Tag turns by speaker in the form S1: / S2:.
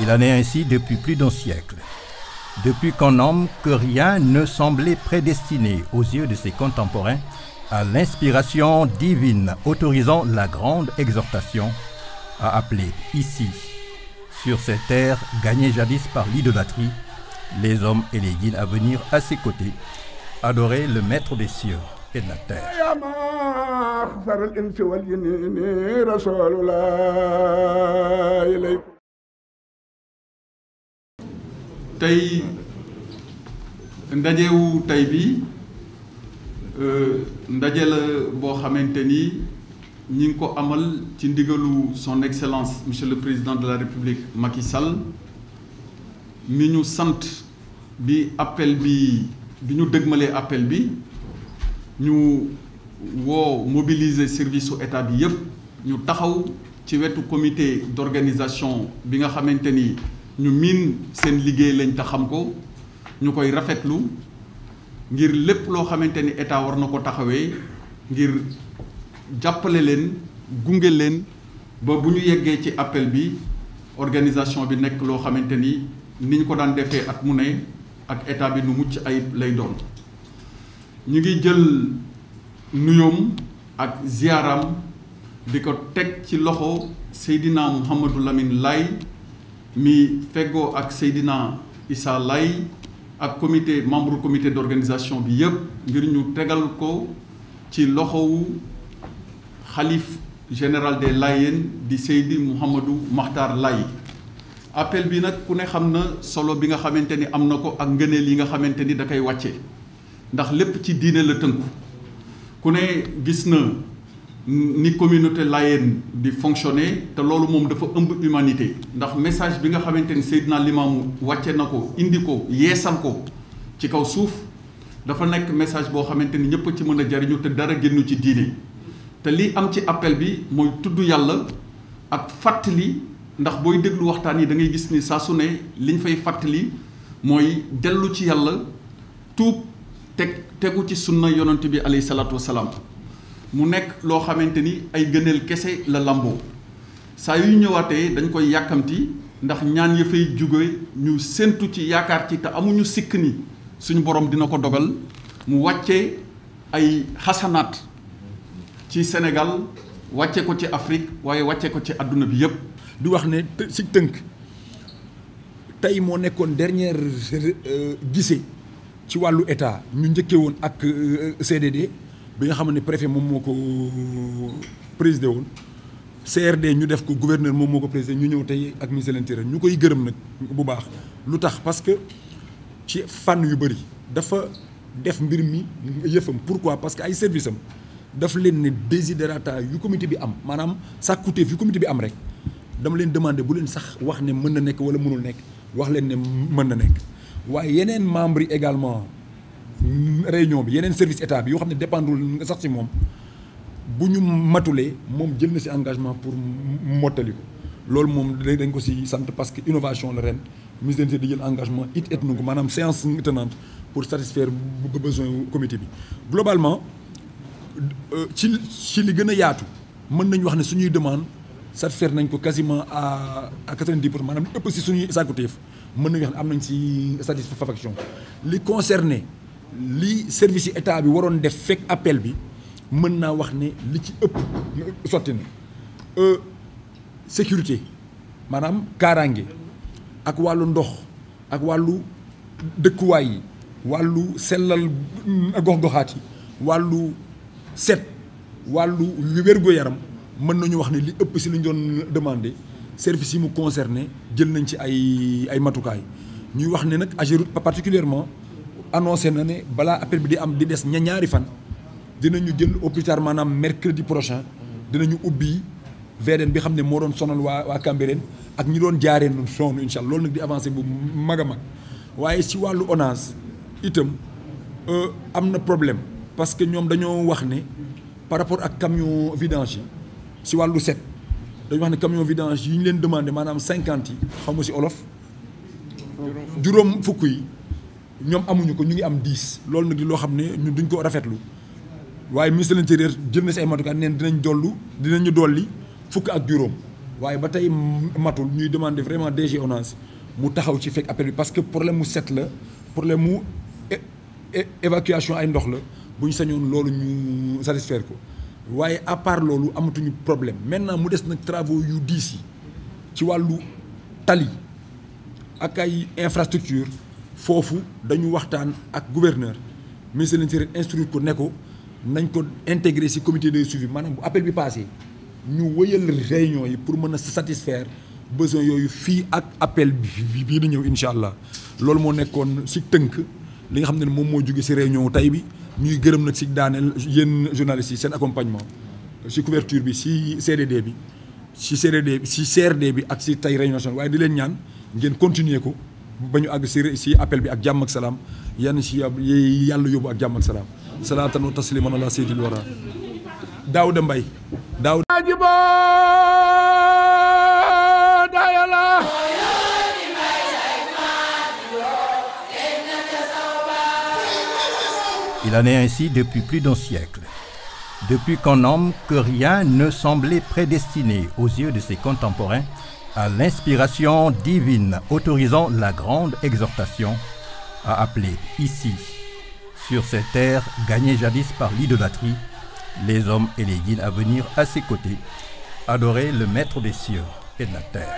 S1: Il en est ainsi depuis plus d'un siècle. Depuis qu'un homme que rien ne semblait prédestiné aux yeux de ses contemporains à l'inspiration divine autorisant la grande exhortation à appeler ici, sur ces terres gagnées jadis par l'idolâtrie, les hommes et les guides à venir à ses côtés, adorer le Maître
S2: tey ndajewu tey bi euh, ndaje la boo xamante ni ñu ngi ko amal ci ndigalu son excellence monsieur le président de la république Macky Sall. mi ñu sant bi appel bi bi ñu dëgmalee appel bi ñu woo mobiliser service su état bi yëpp ñu taxaw ci wetu comité d'organisation bi nga xamante ni ñu miin seen liggéey lañ te xam ko ñu koy rafetlu ngir lépp loo xamante ni état war na ko taxawee ngir jàppale leen gunge leen ba bu ñu yeggee ci appel bi organisation bi nekk loo xamante ni. ni ñu ko daan defee at mu ne ak état bi nu mucc ayib lay doon ñu ngi jël nuyoom ak ziaram di ko teg ci loxo Seydina Mouhamadou lamin lay mi fegoo ak Seydina Issa Laye ak comité membre comité d'organisation bi yëpp ngir ñu tegal ko ci loxowu xalif général des Layènes di Seydi Mouhamadou Makhtar lay appel bi nag ku ne xam na solo bi nga xamante ni am na ko ak ngëneel yi nga xamante ni da koy wàcce ndax lépp ci diine la tënku ku ne gis na ni communauté layeen di fonctionner te loolu moom dafa ëmb humanité ndax message bi nga xamante ni Seydina Limaamu wàcce na ko indi ko yeesal ko ci kaw suuf dafa nekk message boo xamante ni ñëpp ci mën a jariñu te dara génnu ci diine te li am ci appel bi mooy tudd yàlla ak fàttali ndax booy déglu waxtaan yi da ngay gis ni saa su ne liñ fay fàttali mooy dellu ci yàlla tuub teg tegu ci sunna yonent bi alayhi salaatu wasalaam mu nekk loo xamante ni ay gëneel kese la lamboo saa yu ñëwaatee dañ koy yàkkamti ndax ñaan ya fay jóge ñu séentu ci yaakaar ci te amuñu sikk ni suñu borom dina ko dogal mu wàccee ay xasanaat ci Sénégal wàcce ko ci Afrique waaye wàcce ko ci àdduna bi yépp di wax ne si tënk
S3: tey moo nekkoon dernière euh, gisee ci wàllu état ñu njëkkee woon ak euh, CDD bi nga xam ne préfet moom moo ko euh, présidé woon CRD ñu def ko gouverneur moom moo ko présidé ñu ñëw tey ak ministre de l'Intérieur ñu koy gërëm nag bu baax lu tax parce que ci fànn yu bëri dafa def mbir mi yëfam pourquoi parce que ay service am daf leen ne désiderata yu comité bi am maanaam sàkkuteef yu comité bi am rek dama leen demandé bu leen sax wax ne mën na nekk wala mënul nekk wax leen ne mën na nekk waaye yeneen membres yi également réunion bi yeneen service état bi yoo xam ne dépendrul nga sax ci moom bu ñu matulee moom jël na ci engagement pour mottali ko loolu moom dañ ko ci sant parce que innovation la ren ministre de di jël engagement it et nu ko maanaam séance tenante pour satisfaire bu besoin comité bi globalement euh, ci ci li gën a yaatu mën nañu wax ne suñuy demande satisfaire nañ ko quasiment à à quatre-vingt-dix pour cent maanaam lu ëpp si suñuy sàkkuteef mën nañu wax ne am nañ si satisfaction li concerné li service yi état bi waroon def fekk appel bi mën naa wax ne li ci ëpp sotti na euh, sécurité maanaam kaaraange ak wàllu ndox ak wàllu dëkkuwaay yi wàllu sellal gox-goxaat yi wàllu set wàllu wérgu yaram mën nañu wax ne li ëpp si li ñu doon demandé service yi mu concerné jël nañ ci ay ay matukaay ñuy wax ne nag Ageroute particulièrement annoncé na ne balaa appel bi di am di des ña ñaari fan dinañu jël au maanaam mercredi prochain dinañu ubbi VDN bi xam ne moo doon sonal waa waa Cambérène ak ñi doon jaare noonu sonn incha allah loolu nag di avancé bu mag a mag waaye si wàllu ONAS itam euh, am na problème parce que ñoom dañoo wax ne par rapport ak camion vidange yi. ci wàllu set dañu wax ne camion vidange yi ñu leen demandé maanaam cinquante yi xaw ma si olof juróom fukk yi ñoom amuñu ko ñu ngi am dix loolu nag loo xam ne ñun duñ ko rafetlu waaye ministre de l'intérieur jël na si ay matukaay neen dinañ dollu dinañu dolli fukk ak juróom waaye ba tey matul ñuy demander vraiment DG ONAS mu taxaw ci fekk appel parce que problème mu set la problème mu évacuation ay ndox la bu ñu sañoon loolu ñu satisfaire ko waaye à part loolu amatuñu problème maintenant mu des nag travaux yu diis yi ci wàllu tali ak ay infrastructure foofu dañu waxtaan ak gouverneur ministre de l'Intérieur instruire ko ne ko nañ ko intégrer si comité de suivi maanaam bu appel bi passé ñu wëyal réunion yi pour mën a satisfaire besoin yooyu fii ak appel bi bii di ñëw incha allah loolu moo nekkoon si tënk li nga xam ne moom moo jóge si réunion tay bi ñuy gërëm nag si daaneel yéen journalistes yi seen accompagnement si couverture bi si CDD bi si CDD si bi ak si tay réunion nationale waaye di leen ñaan ngeen continuer ko ba ñu àgg si si appel bi ak jàmm ak salaam yann si yàlla yóbbu ak jàmm ak salaam salaatan wa tasliman ala seydil wara Daouda Mbaye Daouda jibo dayala
S1: Il en est ainsi depuis plus d'un siècle. Depuis qu'un homme que rien ne semblait prédestiné aux yeux de ses contemporains à l'inspiration divine autorisant la grande exhortation à appeler ici, sur ces terres gagnées jadis par l'idolâtrie, les hommes et les guides à venir à ses côtés, adorer le maître des cieux et de la terre.